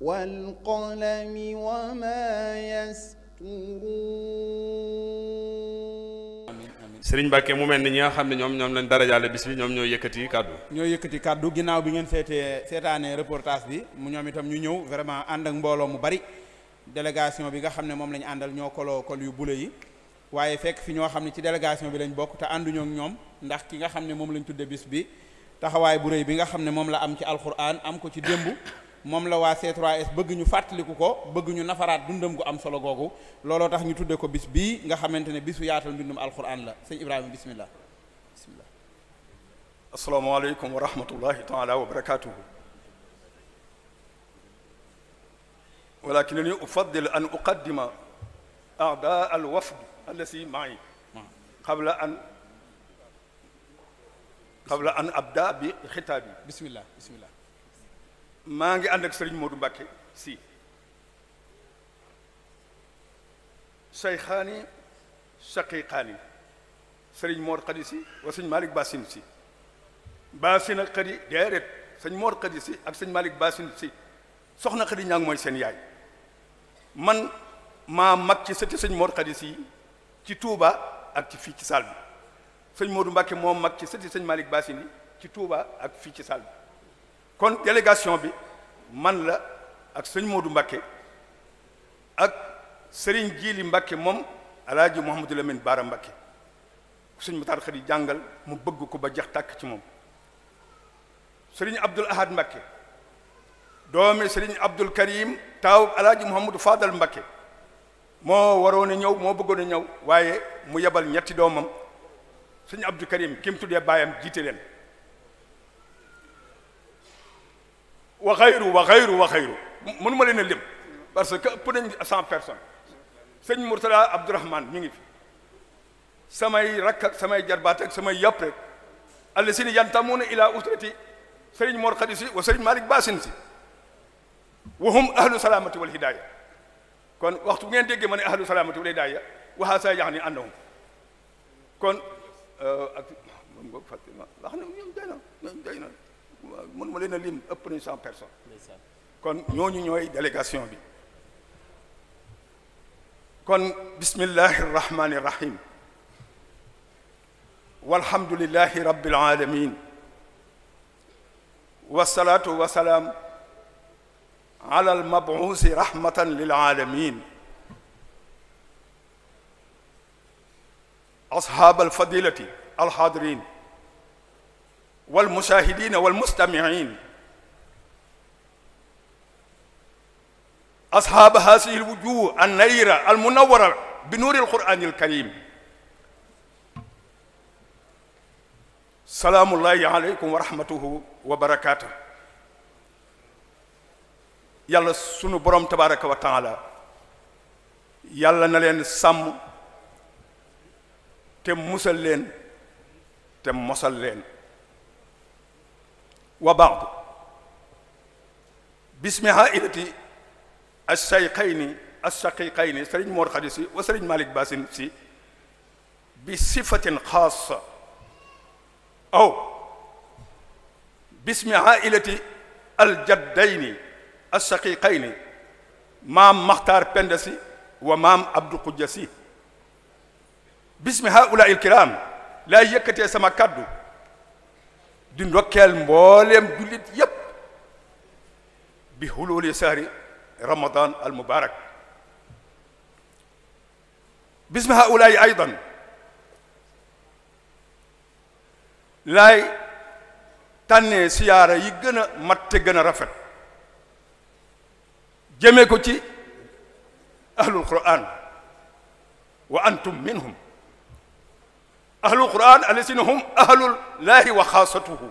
والقلم وما يسطرون Serigne Mbacke mu mel ni ñi nga xam ne ñoom ñoom lañ dara jàlle bis bi ñoom ñoo yëkkati kàddu ñoo yëkkati kàddu ginnaaw bi ngeen seetee seetaanee reportage bi mu ñoom itam ñu ñëw vraiment àndak mbooloo mu bari délégation bi nga xam ne moom lañu àndal ñoo koloo kol yu bule yi waaye fekk fi ñoo xam ne ci délégation bi lañ bokk te ànduñook ñoom ndax ki nga xam ne moom lañ tudde bis bi taxawaay bu rëy bi nga xam ne moom la am ci alquran am ko ci démb moom la waa c 3 bëgg ñu fàttaliku ko bëgg ñu nafaraat dundam gu am solo googu looloo tax ñu tudde ko bis bii nga xamante ne bisu yaatal mbindum alquran la sëñ Ibrahima bismillah bismillah asalaamaaleykum wa rahmatullahi taala wa barakatuhu walakinani ufaddil an uqaddima a'da al wafd allati ma'i qabla bismillah bismillah maa ngi ànd ak sëriñ Modou Mbacke si sayxaani saqiqaani sëriñ Mor Khady si wa sëñ Malick Bassine si Bassine ak Khady déedéet sëñ Mor Khady si ak sëñ Malick Bassine si soxna Khady ñaa ngi mooy seen yaay man maa mag ci sëti sëñ Mor Khady si ci Touba ak ci fii ci salle bi sëñ Modou moo mag ci sëti sëñ Malick Bassine ci Touba ak fii ci salle kon délégation bi man la ak sëñ Modou Mbakke ak sëriñ Jili Mbakke moom alaaji Mouhamadou Lamine Baara Mbakke sëñ Mutaar Xadi jàngal mu bëgg ko ba jeex tàkk ci moom sëriñ Abdul Ahad Mbakke doomi sëriñ Abdul Karim taaw alaaji Mouhamadou Fadal Mbakke moo waroon a ñëw moo bëggoon a ñëw waaye mu yebal ñetti doomam sëñ Abdul Karim ki mu tuddee baayam jiite leen wa xayru wa xayru wa ma leen a lim parce que ëpp nañ cent personnes sëñ Mourtala Abdourahman ñu ngi fi samay rakk ak samay jarbaat ak samay yàpp rek alla si ni yantamuuna ila usrati sëriñ Mor Khady si wa sëriñ Malick Basin si wahum ahlu salaamati wal hidaaya kon waxtu bu ngeen déggee ma ne ahlu salaamati wal hidaaya waxaa saa yax ni kon euh, ak moom ngoog fàtte wax na ñoom day na mën ma leen a lim ëpp nañu cent personnes kon ñooñu ñooy délégation bi kon bismillahi irrahmani irrahim walhamdulilahi rabbil alamin wasalaatu wasalaam ala almabuusi rahmatan lil alamin ashaab alfadilati alhaadirin wal mushahidina wal mustamiin asxaab haasihi alwujuh annayra almunawara bi nuuri alqur'ani alkarim salaamullahi aleykum wa rahmatuhu wa barakaatu yàlla sunu borom tabaraka wa taala yàlla na leen sàmm te musal leen te mosal leen wa baad bismi haailati alcheyqayni alchaqiqayni sëriñ Mor Khady si wa sëriñ Malick Basin si bi sifatin xaasa aw bismi haailati aljaddayni alchaqiqayni maam Makhtar Penda si wa maam Abdou Khoudia si bismi haulaai ilkiram laa yëkkatee sama kaddu di ndokkeel mbooleem jullit yépp bi xulóoli sahri ramadan al mubarak bismi haulaay aydan laay tànnee siyaara yi gën a mat te gën a rafet jëmee ko ci ahlul quran wa minhum ahlul quran allasina hum ahlullaahi wa xaasatuhu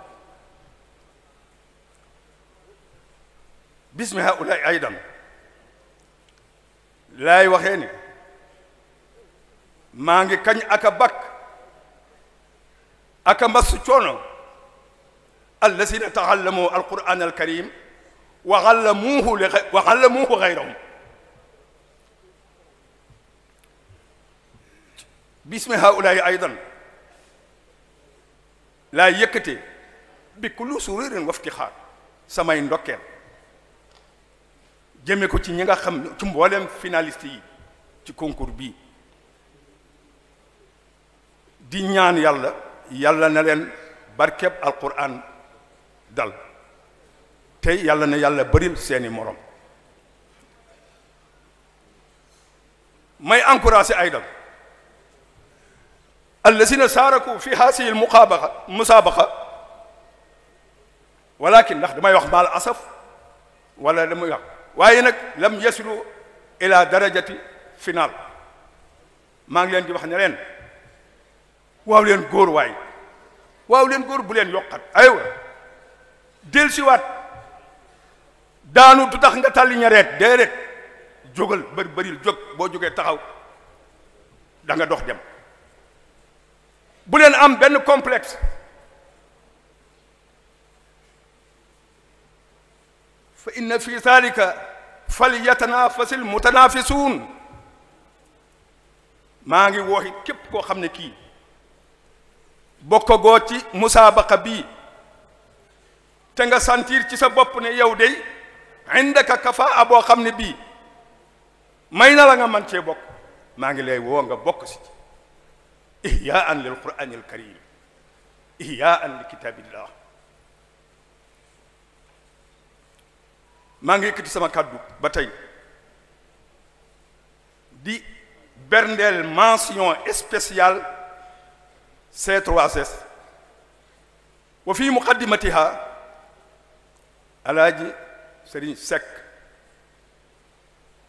bismi haulaay aydan laay waxee ni maa ngi kañ aka bakk aka mbassu coono allasina taxallamu alquran alkarim wa xallamuuhu li wa xallamuuhu xayrahum bismi haulaay aydan laa yëkkatee bi ku lu suréerin samay ndokkeel jëme ko ci ñi nga xam ci mbooleem finaliste yi ci konkur bii di ñaan yàlla yàlla na leen barkeb alquran dal te yàlla na yàlla bëril seeni moroom may encouragé ay الذين شاركوا في هذه المقابقة مسابقة ولكن ndax damay wax maal asaf wala damay wax waaye nag lam yasilu ila darajati final maa ngi leen di wax ne leen waaw leen góor waay leen góor bu leen yokkat aywa dellusiwaat daanu du tax nga tàlli ñareet déedéet jógal bëri bëril boo jógee taxaw da nga dox dem bulen am benn complexe fa inna fi zalika falyatanaafasil mutanaafisuun maa ngi wooxi képp koo xam ne kii bokkagoo ci musaabaqa bii te nga sentir ci sa bopp ne yow dey indaka kafaa boo xam ne bii may na la nga man cee bokk maa ngi lay woo nga bokk si ihyaan lil qur'aan al karim ihyaan li kitaabillah maa ngi yëkkati sama kàddu ba tey di berndeel mention spéciale C3S wa fi muqaddimatiha alaaji Serigne Seck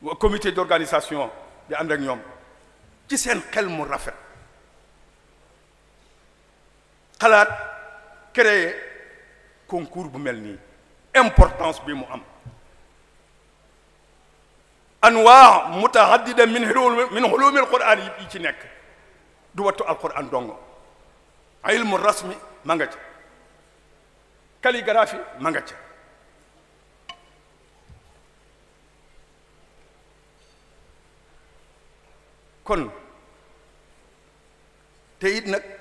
wa comité d'organisation bi ànd ñoom ci seen xel rafet kalaat créer concours bu mel nii importance bi mu am anwaa mutahaddida min min hulumil quran yi ci nekk du wattu alquran dong ilmu rasmi ma nga ca calligraphie ma ca kon te it nag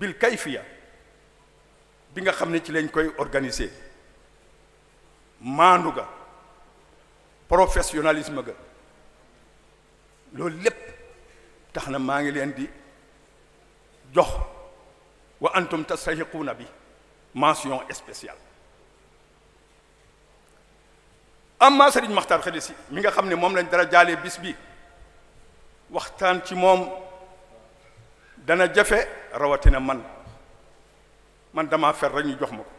bil kayfiya bi nga xam ne ci lañ koy organiser maandu ga professionnalisme ga loolu lépp tax na maa ngi leen di jox wa antum tastahiquuna bi mention spéciale amma Serigne Makhtar Khady Sy mi nga xam ne moom lañ dara jaalee bis bi waxtaan ci moom dana jafe rawatina man man dama fer rek ñu jox ma ko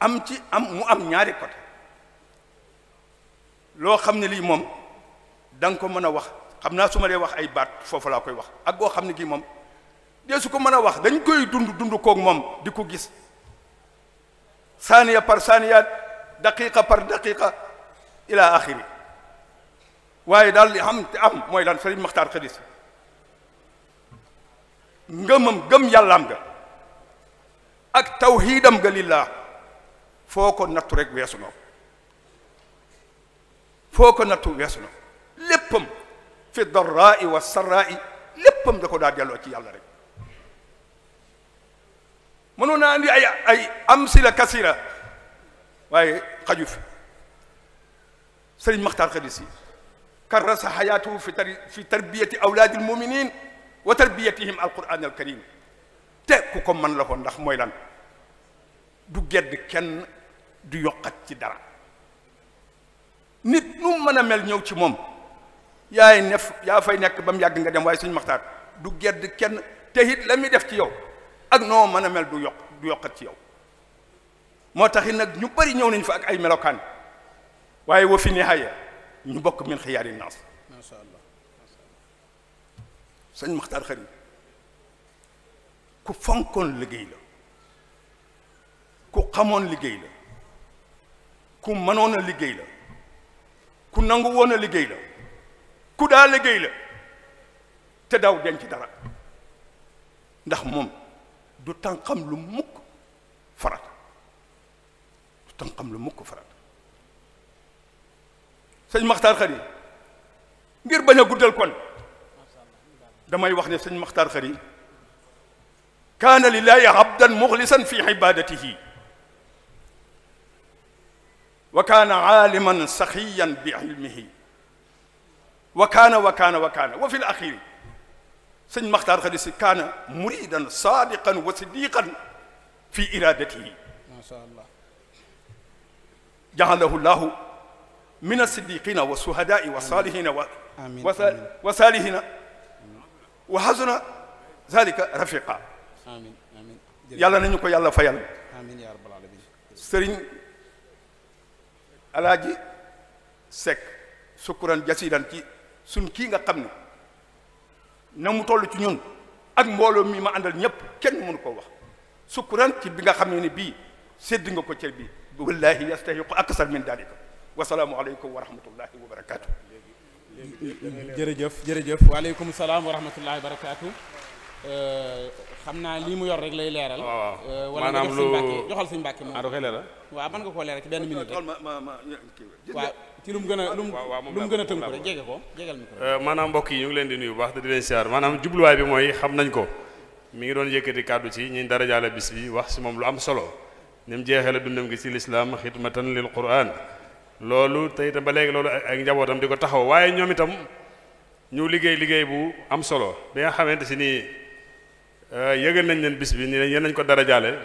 am ci am mu am ñaari côté loo xam ne lii moom da ko mën a wax xam naa su ma dee wax ay baat foofu laa koy wax ak goo xam ne kii moom dee su ko mën a wax dañ koy dund dund koog moom di ko gis saniya par saaniya daqiqa par daqiqa ila axiri waaye daal li xam te am mooy lan gëm yàllaam ga ak tawxiidam ga lillaa foo ko nattu rek weesu na foo ko nattu weesu na fi darraa'i wa sarraa'i léppam da ko daa ci yàlla rek mënoon naa andi ay ay amsila kasira waaye xaju fi Serigne Makhtar كرس حياته في في تربية أولاد المؤمنين وتربيتهم القرآن الكريم te ku ko mën la ko ndax mooy lan du gedd kenn du yokkat ci dara nit nu mën a mel ñëw ci moom yaay nef yaa fay nekk ba mu yàgg nga dem waaye suñ maxtaar du gedd kenn te it la muy def ci yow ak noo mën a mel du yokk du yokkat ci yow moo taxit nag ñu bari ñëw nañ fa ak ay melokaan waaye wa fi nihaaya ñu bokk min xiyaari naas macha allah sëñ Maxtaar Xari ku fonkoon liggéey la ku xamoon liggéey la ku mënoon a liggéey la ku nangu woon a liggéey la ku daa liggéey la te daaw denc dara ndax moom du tànqam lu mukk farata du tànqam lu mukk farata sëñ Maxtaar Xari ngir bañ a guddal kon damay wax ne sëñ Maxtaar Xari kaana lillahi abdan muxlisan fi ibadatihi wa kaana aaliman saxiyan bi ilmihi wa kaana wa kaana wa kaana wa fi l axiri sëñ Maxtaar Xari si kaana muridan sadiqan wa sidiqan fi iradatihi ma sha allah jaxalahu llahu min as-siddiqina wa suhadaai wa salihina wa wa salihina wa hasuna zalika rafiqa amiin amiin yàlla nañu ko yàlla fayal amiin yaa rabbal alamin sëriñ alaaji Sekk sukkuran jasiidan ci suñ kii nga xam ne na mu toll ci ñun ak mbooloo mi ma àndal ñëpp kenn mënu koo wax sukkuran ci bi nga xam ne ni bii sédd nga ko cër bi wallahi yastahiqu aksar min dalika wasalaamualeykum wa rahmatullahi wa jërëjëf jërëjëf salaam wa rahmatullahi euh, xam naa lii mu yor rek lay leeral. waaw euh, wala nga jox suñu mbàkke joxal suñu mbàkke moom. ah mën nga koo leeral ci benn minute rek. waaw ci lu mu gën a lu mu a tënk rek jege ko euh, maanaam mbokk yi ñu ngi leen di nuyu bu baax di leen siyaar maanaam jubluwaay bi mooy xam nañ ko mu ngi doon yëkkati kàddu ci ñi dara jaale bis bi wax si moom lu am solo ni mu jeexee la dundam gi ci lislaam xidmatan lil quraan loolu tey itam ba léegi loolu ak njabootam di ko taxaw waaye ñoom itam ñu liggéey liggéey bu am solo bi nga xamante si nii euh, yëgal nañ leen bis bi ni yéen nañ ko dara jaale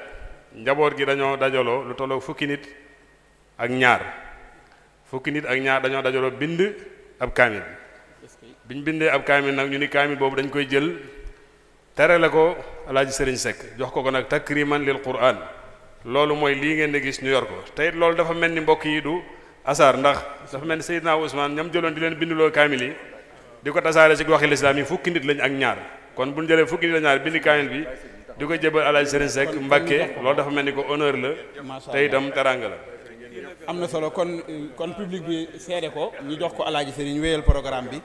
njaboot gi dañoo dajaloo lu tolloo fukki nit ak ñaar fukki nit ak ñaar dañoo dajaloo bind ab kaamil biñ bindee ab kaamil nag ñu ni kaamil boobu dañ koy jël tere la ko alaaji sëriñ sekk jox ko ko nag takriman lil quran loolu mooy lii ngeen di gis ñu yor ko tey loolu dafa mel ni mbokk yi du asar ndax dafa mel ni Seydina Ousmane ñam jëloon di leen binduloo kaamil yi di ko tasaare ci waxi lislaam yi fukki nit lañ ak ñaar kon bu ñu jëlee fukki nit ak ñaar bindi kaamil bi di ko jébal Alaaji Serigne Seck Mbacke loolu dafa mel ni ko honneur la te itam teranga la. am na solo kon kon public bi seede ko ñu jox ko Alaaji Serigne wéyal programme bi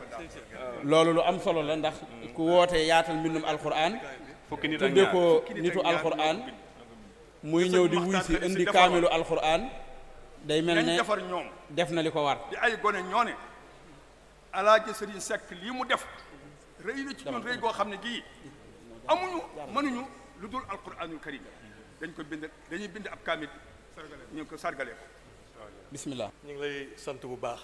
loolu lu am solo la ndax ku woote yaatal mbindum alquran fukki nit ak ñaar tuddee ko nitu alquran muy ñëw di day mel ne defar ñoom def na li ko war di ay gone ñoo ne alaaji sëriñ Seck lii mu def rëy na ci ñun rëy goo xam ne gii amuñu mënuñu lu dul alquranul karim dañ ko bind dañuy bind ab kaamil ñu ko sargale ko bismillah ñu ngi lay sant bu baax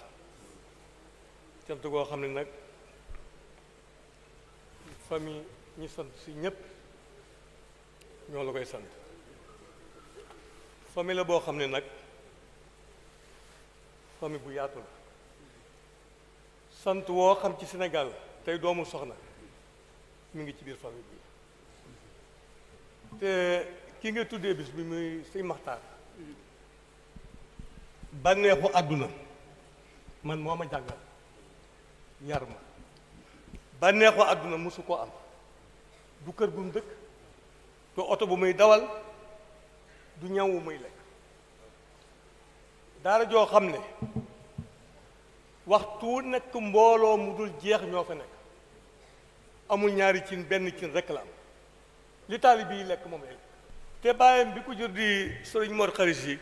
sant goo xam ne nag famille ñi sant si ñépp ñoo la koy sant famille la boo xam ne nag famille bu yaatu la sant woo xam ci Sénégal tey doomu soxna mu ngi ci biir famille bi te ki nga tuddee bis bi muy sëñ Maxtaar bànneexu àdduna man moo ma jàngal yar ma bànneexu àdduna mosu koo am du kër bu mu dëkk du oto bu muy dawal du ñaw muy lekk daara joo xam ne waxtu nekk mbooloo mu dul jeex ñoo fa nekk amul ñaari cin benn cin rekk la am li taalib yi lekk moom lay te bàyyam bi ko jur di sëriñ Mor Xaris yi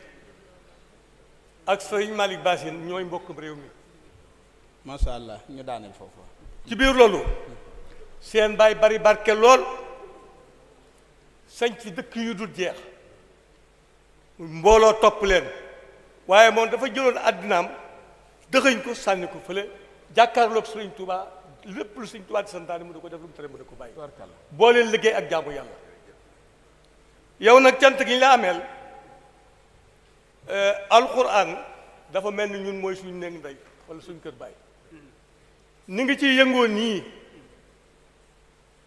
ak sëriñ Malick Bassine ñooy mbokkum réew mi macha allah ñu daaneel foofu ci biir loolu seen baay bari barke lool sañ ci dëkk yu dul jeex mbooloo topp leen waaye moom dafa jëloon àddinaam dëxëñ ko sànni ko fële jàkkaarloog sëriñ Touba lépp lu sëriñ Touba di santaane mu da ko def lu mu tere mu da ko bàyyi boo leen liggéey ak jaamu yàlla yow nag jant gi ñu la ameel eh, alquran dafa mel ni ñun mooy suñu néeg ndey wala suñ kër bàyyi ni ngi ci yëngoo nii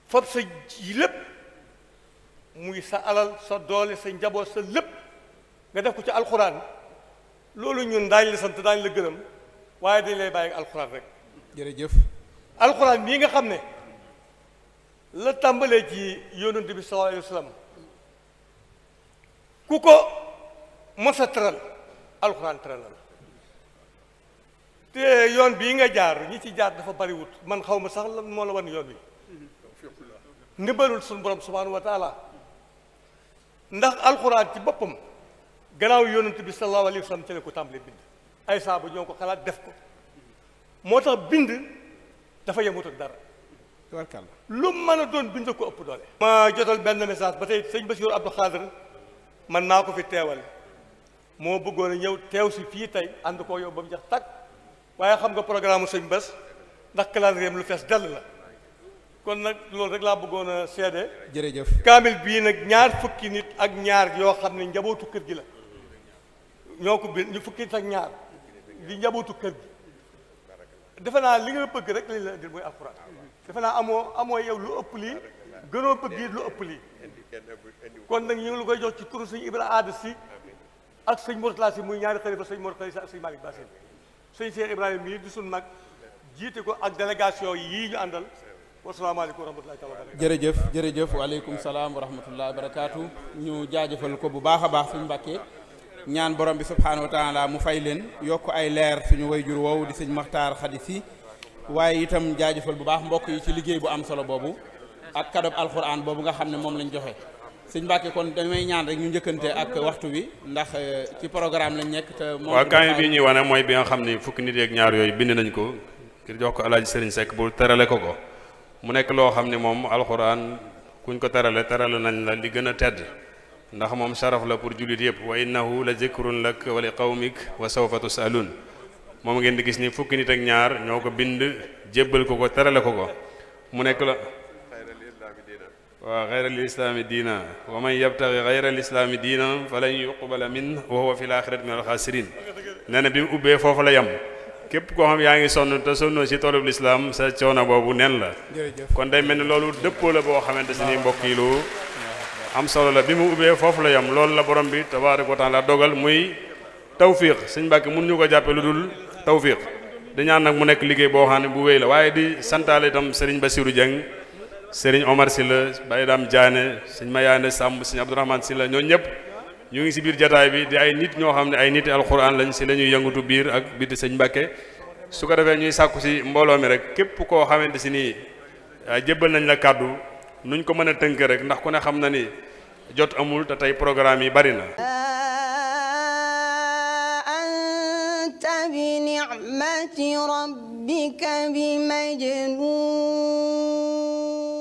fab sa ji lépp muy sa alal sa doole sa njaboot sa lépp nga def ko ci alquran loolu ñun daañu la sant daañu la gërëm waaye dañ lay bàyyi ak alxuraan rek jërëjëf alxuraan bii nga xam ne la tàmbalee ci yonent bi sallallahu alayhi wa sallam ku ko mos a tëral alxuraan tëralal te yoon bii nga jaar ñi ci jaar dafa bari man xaw ma sax lan moo la wan yoon wi ndimbalul suñu borom subhaanahu wa taala ndax alxuraan ci boppam gannaaw yonent bi sallallahu alayhi wa sallam ci la ko tàmbalee bind ay saaba ñoo ko xalaat def ko moo tax bind dafa yemut ak dara tabarkàlla lu mën a doon bind ko ëpp doole ma jotal benn message ba tey sëñ Bassirou Abdou Khadr man maa ko fi teewal moo bëggoon a ñëw teew si fii tey ànd koo yow ba mu jax tàkk waaye xam nga programme sëñ Bass ndax calendrier lu fees dell la kon nag loolu rek laa bëggoon a seede jërëjëf kaamil bii nag ñaar fukki nit ak ñaar yoo xam ne njabootu kër gi la ñoo ko bind ñu fukki ak ñaar di njabootu kër gi defe naa li nga bëgg rek lañ la indil mooy alxuraan defe naa amoo amoo yow lu ëpp lii gënoo bëgg yi lu ëpp lii kon nag ñu lu koy jox ci turu sëñ Ibrahima aada si ak sëñ Mourtala si muy ñaari xalifa sëñ Mourtala si ak sëñ Malick Bassine Ibrahima mii di suñu mag jiite ko ak délégation yi ñu àndal wasalaamaaleykum wa rahmatullahi taala jërëjëf jërëjëf waaleykum salaam wa rahmatullahi ñu jaajëfal ko bu baax a baax suñu mbàkkee ñaan borom bi subhaanahu wa taala mu fay leen yokk ay leer suñu jur woowu di sëñ Maxtaar Xadi Si waaye itam jaajëfal bu baax mbokk yi ci liggéey bu am solo boobu ak kadob alxuraan boobu nga xam ne moom lañ joxe sëñ Mbàkke kon damay ñaan rek ñu njëkkante ak waxtu bi ndax eh, ci programme lañ nekk te moom waaw kaamil bi wane mooy bi nga xam ne fukki nit yeeg ñaar yooyu bind nañ ko ngir jox ko alaaji sëriñ sekk bu terale ko ko mu nekk loo xam ne moom alxuraan kuñ ko terale terale nañ la li gën a tedd ndax moom sharaf la pour jullit yëpp wa innahu la zikrun lak wa li qawmik wa sawfa tusalun moom ngeen di gis ni fukki nit ak ñaar ñoo ko bind jébbal ko ko terale ko ko mu nekk la waaw xeyra lil islaami diina wa man yabtaxi xeyra lil islaami diina falan yuqbala min wa huwa fil axirati min alxaasirin nee bi mu ubbee foofu la yem képp koo xam yaa ngi sonn te sonnoo si toolub lislaam sa coono boobu nen la kon day mel ni loolu dëppoo la boo xamante si ni mbokk yi lu am solo la bi mu ubbee foofu la yam loolu la borom bi tabaaraka wa taala dogal muy tawfiq sëñ Mbàkke mun ñu ko jàppe lu dul tawfiq di ñaan nag mu nekk liggéey boo xam ne bu wéy la waaye di santaale itam sëriñ Bassirou Dieng sëriñ Omar Sylla Baye Dame Diané sëñ Mayaane Samb sëñ si la ñoo ñëpp ñu ngi si biir jataay bi di ay nit ñoo xam ne ay nit alxuraan lañu si lañuy ñuy biir ak biti sëñ Mbàkke su ko defee ñuy sàkku si mbooloo mi rek képp koo xamante si nii jébbal nañ la kàddu nuñ ko mën a tënk rek ndax ku ne xam na ni jot amul te tey programme yi bari na anta bi ni'mati rabbika bi majnun